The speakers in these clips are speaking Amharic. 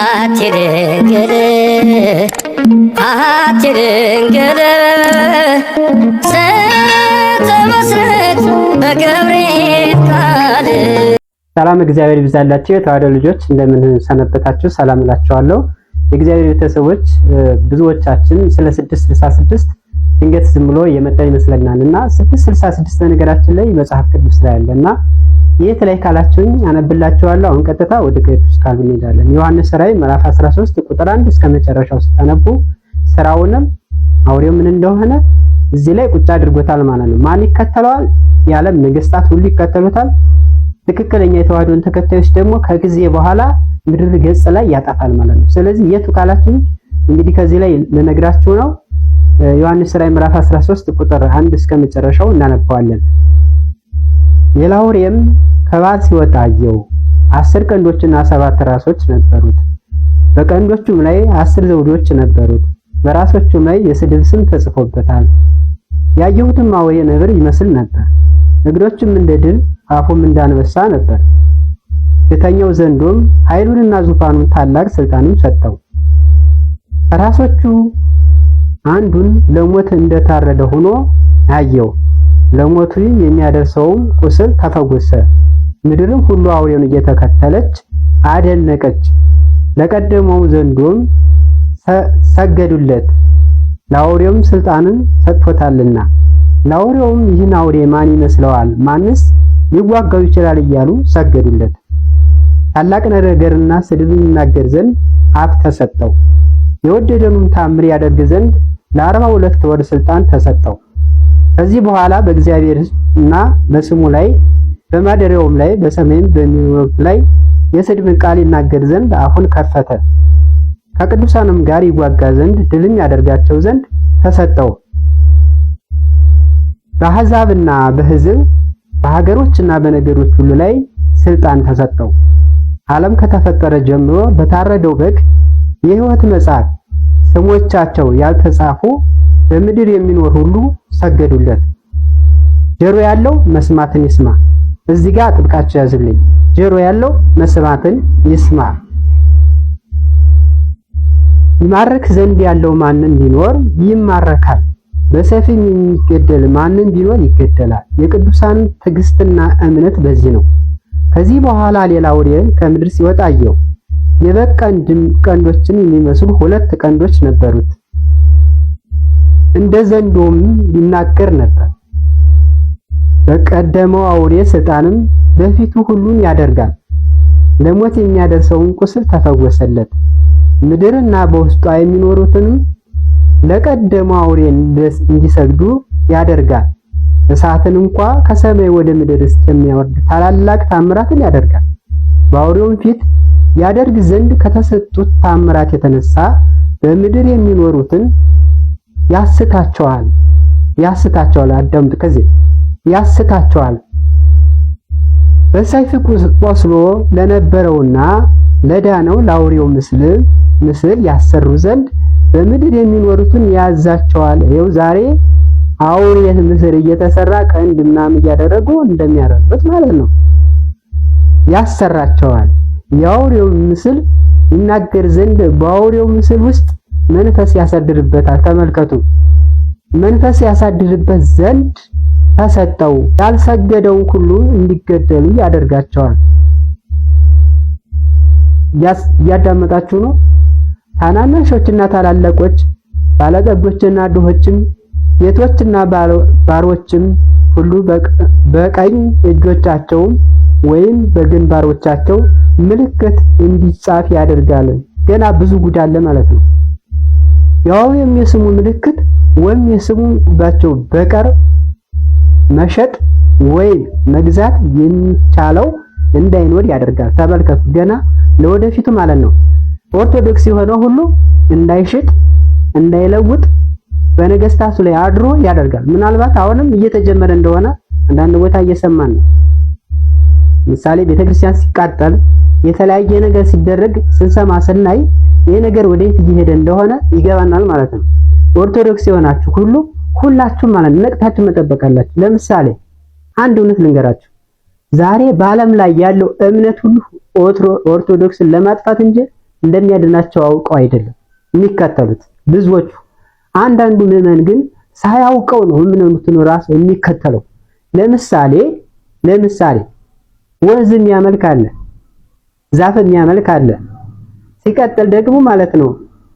አትድንግል አትድንግል ስትመስለት በገብርኤል ቃል ሰላም እግዚአብሔር ይብዛላችሁ። የተዋሕዶ ልጆች እንደምን ሰነበታችሁ? ሰላም እላችኋለሁ። የእግዚአብሔር ቤተሰቦች ብዙዎቻችን ስለ ስድስት ስልሳ ስድስት ድንገት ዝም ብሎ የመጣ ይመስለናል እና ስድስት ስልሳ ስድስት ነገራችን ላይ መጽሐፍ ቅዱስ ላይ አለ እና የት ላይ ካላችሁኝ አነብላችኋለሁ። አሁን ቀጥታ ወደ ቅዱስ ቃሉ እንሄዳለን። ዮሐንስ ራዕይ ምዕራፍ 13 ቁጥር 1 እስከ መጨረሻው ስታነቡ ስራውንም አውሬው ምን እንደሆነ እዚህ ላይ ቁጭ አድርጎታል ማለት ነው። ማን ይከተለዋል? የዓለም ነገስታት ሁሉ ይከተሉታል። ትክክለኛ የተዋህዶን ተከታዮች ደግሞ ከጊዜ በኋላ ምድር ገጽ ላይ ያጠፋል ማለት ነው። ስለዚህ የቱ ካላችሁ እንግዲህ ከዚህ ላይ ልነግራችሁ ነው። ዮሐንስ ራዕይ ምዕራፍ 13 ቁጥር አንድ እስከ መጨረሻው እናነባዋለን። የላውሬም ከባል ሲወጣ አየው። አስር ቀንዶችና ሰባት ራሶች ነበሩት። በቀንዶቹም ላይ አስር ዘውዶች ነበሩት። በራሶቹም ላይ የስድብ ስም ተጽፎበታል። ያየሁትም አውሬ ነብር ይመስል ነበር። እግሮቹም እንደ ድል፣ አፉም እንዳንበሳ ነበር። የተኛው ዘንዶም ኃይሉንና ዙፋኑን ታላቅ ስልጣንም ሰጠው። ራሶቹ አንዱን ለሞት እንደታረደ ሆኖ አየው። ለሞቱ የሚያደርሰውም ቁስል ተፈወሰ። ምድርም ሁሉ አውሬውን እየተከተለች አደነቀች። ለቀደመው ዘንዶም ሰገዱለት፣ ለአውሬውም ስልጣንን ሰጥቶታልና። ለአውሬውም ይህን አውሬ ማን ይመስለዋል? ማንስ ሊዋጋው ይችላል? እያሉ ሰገዱለት። ታላቅ ነገርና ስድብን ይናገር ዘንድ አፍ ተሰጠው። የወደደውንም ታምር ያደርግ ዘንድ ለአርባ ሁለት ወር ስልጣን ተሰጠው። ከዚህ በኋላ በእግዚአብሔር እና በስሙ ላይ በማደሪያውም ላይ በሰማይም በሚኖሩት ላይ የስድብን ቃል ይናገር ዘንድ አፉን ከፈተ። ከቅዱሳንም ጋር ይዋጋ ዘንድ ድልም ያደርጋቸው ዘንድ ተሰጠው። በአሕዛብና በሕዝብ በሀገሮችና በነገሮች ሁሉ ላይ ስልጣን ተሰጠው። ዓለም ከተፈጠረ ጀምሮ በታረደው በግ የሕይወት መጽሐፍ ስሞቻቸው ያልተጻፉ በምድር የሚኖር ሁሉ ሰገዱለት። ጆሮ ያለው መስማትን ይስማ። እዚህ ጋር ጥብቃችሁ ያዝልኝ። ጆሮ ያለው መስማትን ይስማ። ይማርክ ዘንድ ያለው ማንም ቢኖር ይማረካል፣ በሰፊም የሚገደል ማንም ቢኖር ይገደላል። የቅዱሳን ትዕግስትና እምነት በዚህ ነው። ከዚህ በኋላ ሌላ ወደ ከምድር ሲወጣ አየሁ። የበግ ቀንዶችን የሚመስሉ ሁለት ቀንዶች ነበሩት። እንደ ዘንዶም ይናገር ነበር። በቀደመው አውሬ ሰይጣንም በፊቱ ሁሉን ያደርጋል። ለሞት የሚያደርሰውን ቁስል ተፈወሰለት። ምድርና በውስጧ የሚኖሩትንም ለቀደመው አውሬ እንዲሰግዱ ያደርጋል። እሳትን እንኳ ከሰማይ ወደ ምድር እስከሚያወርድ ታላላቅ ታምራትን ያደርጋል። በአውሬውም ፊት ያደርግ ዘንድ ከተሰጡት ታምራት የተነሳ በምድር የሚኖሩትን ያስታቸዋል ያስታቸዋል። አዳምጥ ከዚህ ያስታቸዋል። በሰይፍ ቆስሎ ለነበረውና ለዳነው ለአውሬው ምስል ምስል ያሰሩ ዘንድ በምድር የሚኖሩትን ያዛቸዋል። ይኸው ዛሬ አውሬ ምስል እየተሰራ ቀንድ ምናምን እያደረጉ እንደሚያደርጉት ማለት ነው። ያሰራቸዋል። የአውሬው ምስል ይናገር ዘንድ በአውሬው ምስል ውስጥ መንፈስ ያሳድርበታል። ተመልከቱ፣ መንፈስ ያሳድርበት ዘንድ ተሰጠው። ያልሰገደው ሁሉ እንዲገደሉ ያደርጋቸዋል። እያዳመጣችሁ ነው። ታናናሾችና ታላላቆች፣ ባለጠጎችና ድሆችም፣ ጌቶችና ባሮችም ሁሉ በቀኝ እጆቻቸውም ወይም በግንባሮቻቸው ምልክት እንዲጻፍ ያደርጋል። ገና ብዙ ጉድ አለ ማለት ነው። ያው የስሙ ምልክት ወይም የስሙ ባቸው በቀር መሸጥ ወይም መግዛት የሚቻለው እንዳይኖር ያደርጋል። ተመልከቱ፣ ገና ለወደፊቱ ማለት ነው። ኦርቶዶክስ የሆነ ሁሉ እንዳይሽጥ፣ እንዳይለውጥ በነገስታቱ ላይ አድሮ ያደርጋል። ምናልባት አሁንም እየተጀመረ እንደሆነ አንዳንድ ቦታ እየሰማን ነው። ምሳሌ ቤተክርስቲያን ሲቃጠል የተለያየ ነገር ሲደረግ ስንሰማ ስናይ ይህ ነገር ወዴት እየሄደ እንደሆነ ይገባናል ማለት ነው። ኦርቶዶክስ የሆናችሁ ሁሉ ሁላችሁም ማለት ነቅታችሁ መጠበቃላችሁ። ለምሳሌ አንድ እውነት ልንገራችሁ። ዛሬ በዓለም ላይ ያለው እምነት ሁሉ ኦርቶዶክስን ለማጥፋት እንጂ እንደሚያድናቸው አውቀው አይደለም የሚከተሉት ብዙዎቹ። አንዳንዱ ምዕመን ግን ሳያውቀው ነው እምነቱን ራሱ የሚከተለው። ለምሳሌ ለምሳሌ ወንዝ የሚያመልክ አለ፣ ዛፍ የሚያመልክ አለ። ሲቀጥል ደግሞ ማለት ነው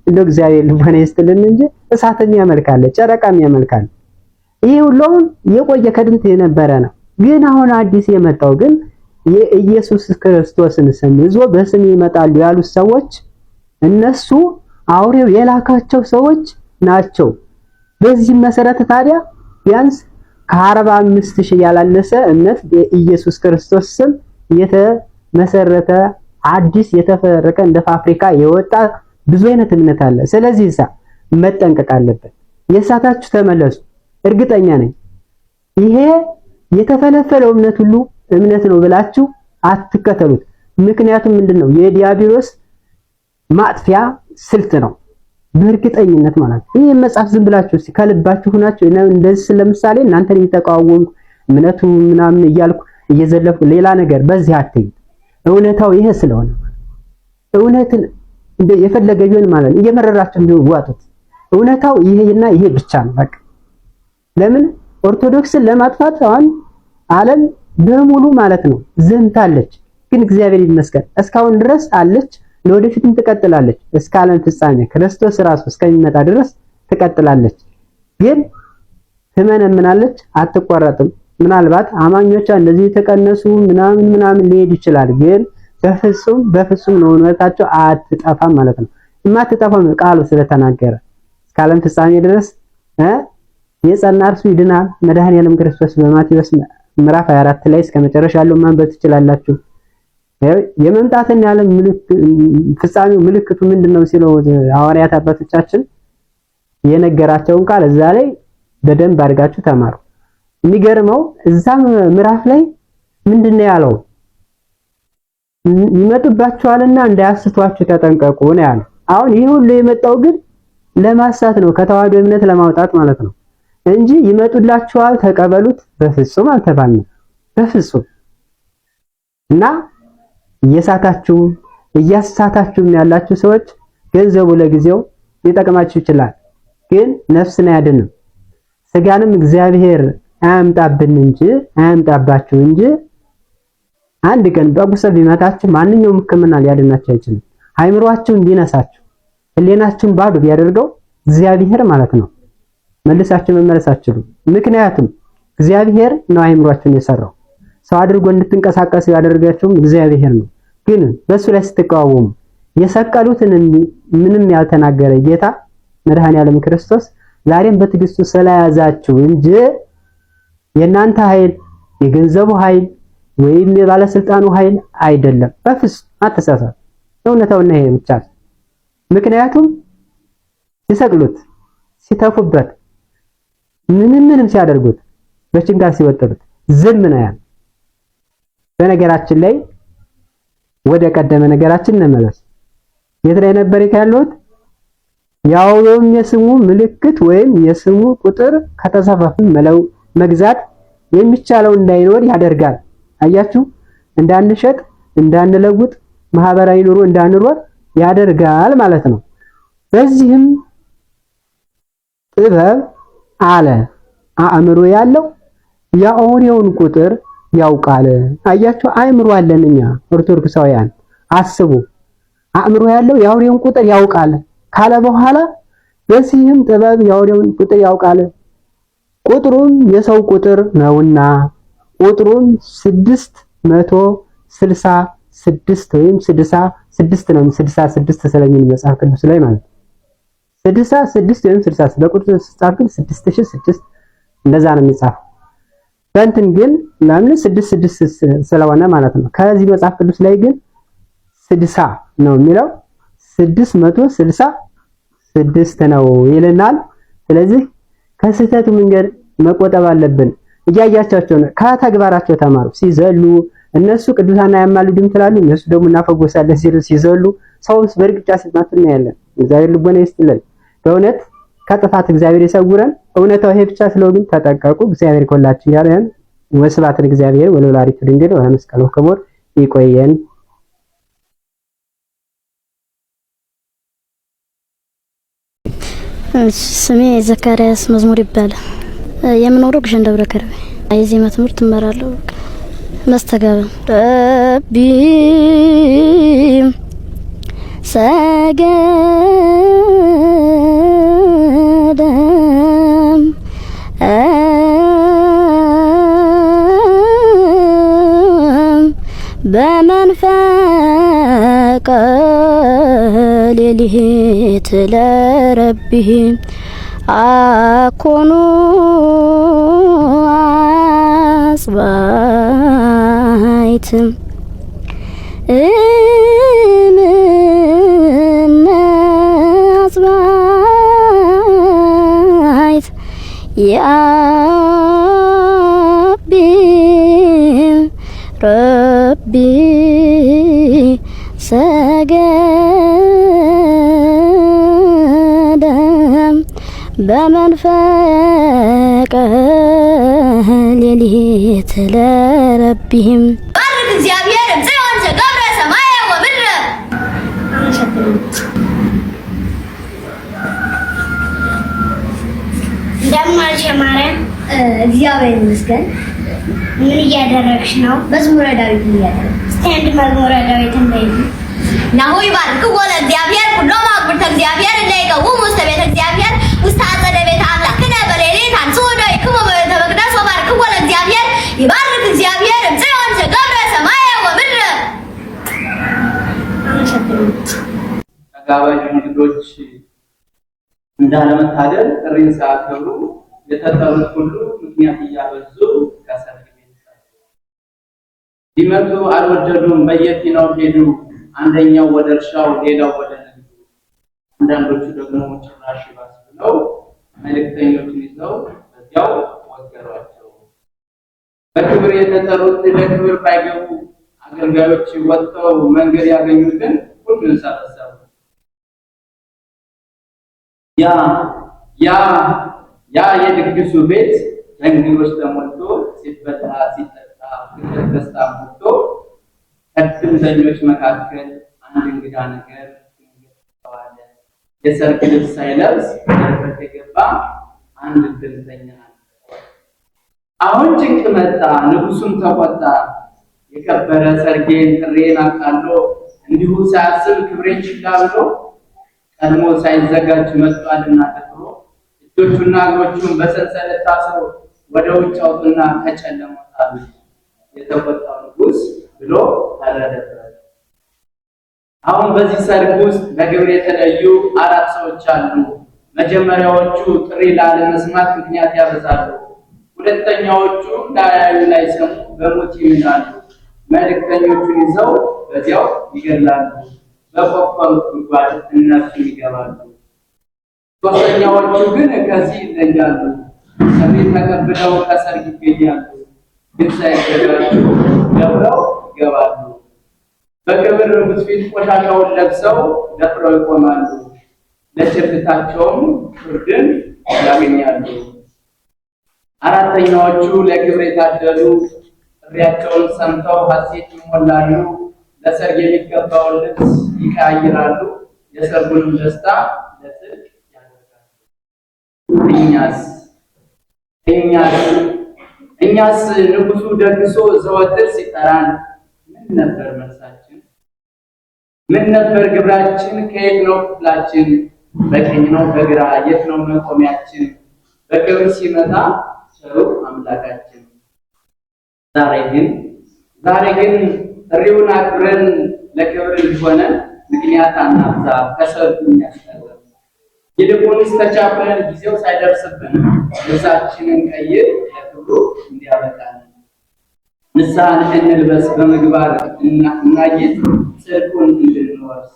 እንደ እግዚአብሔር ልቦና ይስጥልን እንጂ እሳት የሚያመልክ አለ፣ ጨረቃ የሚያመልክ አለ። ይሄ ሁሉም የቆየ ከድምት የነበረ ነው። ግን አሁን አዲስ የመጣው ግን የኢየሱስ ክርስቶስን ስም ይዞ በስም ይመጣሉ ያሉት ሰዎች እነሱ አውሬው የላካቸው ሰዎች ናቸው። በዚህም መሰረት ታዲያ ቢያንስ ከአርባ አምስት ሺህ ያላነሰ እምነት በኢየሱስ ክርስቶስ ስም የተመሰረተ አዲስ የተፈረቀ እንደ ፋብሪካ የወጣ ብዙ አይነት እምነት አለ። ስለዚህ እሳ መጠንቀቅ አለበት። የእሳታችሁ ተመለሱ። እርግጠኛ ነኝ ይሄ የተፈለፈለው እምነት ሁሉ እምነት ነው ብላችሁ አትከተሉት። ምክንያቱም ምንድን ነው የዲያብሎስ ማጥፊያ ስልት ነው። በእርግጠኝነት ማለት ነው። ይህ መጽሐፍ ዝም ብላችሁ እስኪ ከልባችሁ ሆናችሁ እንደዚህ ለምሳሌ እናንተን እየተቃወምኩ እምነቱ ምናምን እያልኩ እየዘለፍኩ ሌላ ነገር በዚህ አትይ። እውነታው ይሄ ስለሆነ እውነትን የፈለገ ቢሆን ማለት ነው እየመረራችሁ ቢሆን ዋጡት። እውነታው ይሄና ይሄ ብቻ ነው በቃ። ለምን ኦርቶዶክስን ለማጥፋት አሁን ዓለም በሙሉ ማለት ነው ዘምታለች። ግን እግዚአብሔር ይመስገን እስካሁን ድረስ አለች። ለወደፊትም ትቀጥላለች። እስከ ዓለም ፍጻሜ ክርስቶስ ራሱ እስከሚመጣ ድረስ ትቀጥላለች። ግን ህመነ አትቆረጥም። ምናልባት አማኞቿ እንደዚህ የተቀነሱ ምናምን ምናምን ሊሄድ ይችላል። ግን በፍጹም በፍጹም ነው አትጠፋም ማለት ነው። የማትጠፋም ቃሉ ስለተናገረ እስከ ዓለም ፍጻሜ ድረስ የጸና እርሱ ይድናል። መድኃኔዓለም ክርስቶስ በማቴዎስ ምዕራፍ 24 ላይ እስከ መጨረሻ ያለው ማንበብ ትችላላችሁ። የመምጣትን የዓለም ፍጻሜው ምልክቱ ምንድነው ሲለው ሐዋርያት አባቶቻችን የነገራቸውን ቃል እዛ ላይ በደንብ አድርጋችሁ ተማሩ። የሚገርመው እዛ ምዕራፍ ላይ ምንድነው ያለው? ይመጡባችኋልና እንዳያስቷችሁ ተጠንቀቁ ነው ያለው። አሁን ይህ ሁሉ የመጣው ግን ለማሳት ነው፣ ከተዋህዶ እምነት ለማውጣት ማለት ነው እንጂ ይመጡላችኋል ተቀበሉት በፍጹም አልተባልንም። በፍጹም እና እየሳታችሁም እያሳታችሁም ያላችሁ ሰዎች ገንዘቡ ለጊዜው ሊጠቅማችሁ ይችላል፣ ግን ነፍስን አያድንም። ስጋንም እግዚአብሔር አያምጣብን እንጂ አያምጣባችሁ እንጂ አንድ ቀን በጉሰ ቢመታችሁ ማንኛውም ሕክምና ሊያድናችሁ አይችልም። አይምሯችሁን ቢነሳችሁ ህሌናችሁን ባዶ ቢያደርገው እግዚአብሔር ማለት ነው መልሳችሁ መመለስ አትችሉም። ምክንያቱም እግዚአብሔር ነው አይምሯችሁን የሰራው። ሰው አድርጎ እንድትንቀሳቀሱ ያደርጋችሁም እግዚአብሔር ነው። ግን በእሱ ላይ ስትቃወሙ የሰቀሉትን ምንም ያልተናገረ ጌታ መድኃኔ ዓለም ክርስቶስ ዛሬም በትዕግስቱ ስለያዛችሁ እንጂ የእናንተ ኃይል የገንዘቡ ኃይል ወይም የባለስልጣኑ ኃይል አይደለም። በፍጹም አትሳሳት። እውነታውና ይሄ ብቻ ምክንያቱም ሲሰቅሉት፣ ሲተፉበት፣ ምንም ምንም ሲያደርጉት፣ በችንጋር ሲወጥሩት ዝም ነው ያለ። በነገራችን ላይ ወደ ቀደመ ነገራችን እንመለስ። የት ላይ ነበር ያለሁት? ያውም የስሙ ምልክት ወይም የስሙ ቁጥር ከተሰፋፍም መለው መግዛት የሚቻለው እንዳይኖር ያደርጋል። አያችሁ፣ እንዳንሸጥ፣ እንዳንለውጥ፣ ማህበራዊ ኑሮ እንዳንኖር ያደርጋል ማለት ነው። በዚህም ጥበብ አለ አእምሮ ያለው የአውሬውን ቁጥር ያውቃል። አያችሁ አእምሮ አለን እኛ ኦርቶዶክሳውያን። አስቡ አእምሮ ያለው የአውሬውን ቁጥር ያውቃል ካለ በኋላ በዚህም ጥበብ የአውሬውን ቁጥር ያውቃል ቁጥሩም የሰው ቁጥር ነውና ቁጥሩም ስድስት መቶ ስልሳ ስድስት ወይም ስድሳ ስድስት ነው። ስድሳ ስድስት ስለሚል መጽሐፍ ቅዱስ ላይ ማለት ስድሳ ስድስት ወይም ስድሳ በቁጥር ሲጻፍ ግን ስድስት ሺህ ስድስት እንደዛ ነው የሚጻፈው በእንትን ግን ምናምን ስድስት ስድስት ስለሆነ ማለት ነው። ከዚህ መጽሐፍ ቅዱስ ላይ ግን ስድሳ ነው የሚለው ስድስት መቶ ስልሳ ስድስት ነው ይልናል። ስለዚህ ከስህተቱ መንገድ መቆጠብ አለብን። እያያቻቸው ነው። ከተግባራቸው ተማሩ። ሲዘሉ እነሱ ቅዱሳን አያማልዱም ትላሉ፣ እነሱ ደግሞ እናፈጎሳለን ሲሉ ሲዘሉ፣ ሰውስ በእርግጫ ሲማት እናያለን። እግዚአብሔር ልቦና ይስጥልን። በእውነት ከጥፋት እግዚአብሔር ይሰውረን። እውነታው ይሄ ብቻ ስለሆነ ተጠቀቁ። እግዚአብሔር ከሁላችን ጋር ይሁን። ወስብሐት ለእግዚአብሔር ወለወላዲቱ ድንግል ወለመስቀሉ ክቡር። ይቆየን። ስሜ ዘካርያስ መዝሙር ይባላል። የምኖረው ግሸን ደብረ ከርቤ የዜማ ትምህርት እመራለሁ። መስተጋብ ረቢ ሰገ ወሊሄት ለረቢህ አኮኑ አጽባይት እምነ አጽባይት ያ በመንፈቀ ሌሊት ለረቢህም ባርክ እግዚአብሔር ጽዮን ዘገብረ ሰማየ ወምድረ እንደማልሽ ማርያም እግዚአብሔር ይመስገን። ምን እያደረግሽ ነው? መዝሙረ ዳዊት እያደረግሽ እስቲ መዝሙረ ዳዊት እንደይል ናሁ ይባርክ ወለ እግዚአብሔር ኩሎ ማጉር ተእግዚአብሔር እንዳይቀውም ውስተ ቤተ እግዚአብሔር ውስተ አጸደ ቤተ አምላክነ በሌሊት አንሥኡ እደዊክሙ በቤተ መቅደስ ወባርክዎ ለእግዚአብሔር ይባርክ እግዚአብሔር እምጽዮን ዘገብረ ሰማየ ወምድረ። ተጋባዥ እንግዶች እንዳለመታደል ጥሪን ሳያከብሩ የተጠሩት ሁሉ ምክንያት እያበዙ ሊመጡ አልወደዱም። በየፊናው ሄዱ። አንደኛው ወደ እርሻው፣ ሌላው ወደ ንግዱ፣ አንዳንዶቹ ደግሞ ጭራሽ ይዘው መልእክተኞችን ይዘው በዚያው ወገሯቸው። በክብር የተጠሩት ለክብር ባይገቡ አገልጋዮች ወጥተው መንገድ ያገኙትን ሁሉን ሰበሰቡ። ያ ያ ያ የድግሱ ቤት በእንግዶች ተሞልቶ ሲበላ ሲጠጣ ክብር ደስታ ሞልቶ ከድምተኞች መካከል አንድ እንግዳ ነገር የሰርግ ልብስ ሳይለብስ መድረክ የገባ አንድ እድልተኛ አሁን ጭንቅ መጣ፣ ንጉሱም ተቆጣ። የከበረ ሰርጌን ጥሬን አቃሎ እንዲሁ ሳያስብ ክብሬን ችላ ብሎ ቀድሞ ሳይዘጋጅ መጥቷልና ተጥሮ እጆቹና እግሮቹን በሰንሰለት ታስሮ ወደ ውጭ አውጡና ከጨለመው ጣሉ። የተቆጣው ንጉስ ብሎ ተረደበት። አሁን በዚህ ሰርግ ውስጥ በግብር የተለዩ አራት ሰዎች አሉ። መጀመሪያዎቹ ጥሪ ላለመስማት ምክንያት ያበዛሉ። ሁለተኛዎቹ ላያዩ ላይሰሙ በሞት ይምላሉ። መልእክተኞቹን ይዘው በዚያው ይገላሉ። በቆፈሩት ጉድጓድ እነርሱም ይገባሉ። ሶስተኛዎቹ ግን ከዚህ ይለያሉ። ሰሜት ተቀብለው ከሰርግ ይገኛሉ። ግን ሳይገባቸው ደብረው ይገባሉ። በክብር ንጉሥ ፊት ቆሻሻውን ለብሰው ደፍረው ይቆማሉ፣ ለችርታቸውም ፍርድን ያገኛሉ። አራተኛዎቹ ለክብር የታደሉ ጥሪያቸውን ሰምተው ሐሴት ይሞላሉ፣ ለሰርግ የሚገባውን ልብስ ይቀያይራሉ፣ የሰርጉንም ደስታ ለጥቅ ያደርጋሉ። እኛስ እኛስ እኛስ ደግሶ ዘወትር ሲጠራን ምን ነበር መልሳ ምን ነበር ግብራችን? ከየት ነው ክፍላችን? በቀኝ ነው በግራ? የት ነው መቆሚያችን? በክብር ሲመጣ ቸሩ አምላካችን። ዛሬ ግን ዛሬ ግን ጥሪውን አክብረን ለክብር እንዲሆነ ምክንያት አናብዛ። ከሰርጉ የሚያስጠላ ይልቁንስ ተቻኩለን ጊዜው ሳይደርስብን ልብሳችንን ቀይር ለክብሩ እንዲያበቃል ንስሐን እንልበስ በምግባር እናጌጥ ጽድቁን እንድንወርስ።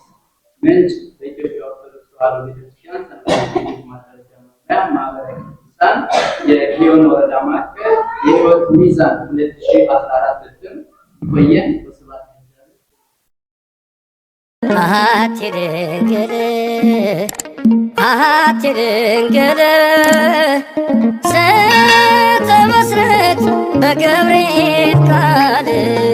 ምንጭ በኢትዮጵያ ኦርቶዶክስ ተዋሕዶ ቤተክርስቲያን ሰንበት ማደረጃ መምሪያ ማህበረ ቅዱሳን የኪዮን ወረዳ ማዕከል የሕይወት ሚዛን ሁለት ሺ አስራ አራት እትም ይቆየን። በስባት ማችድግር አሐቲ ስትመስረት በገብርኤል ቃል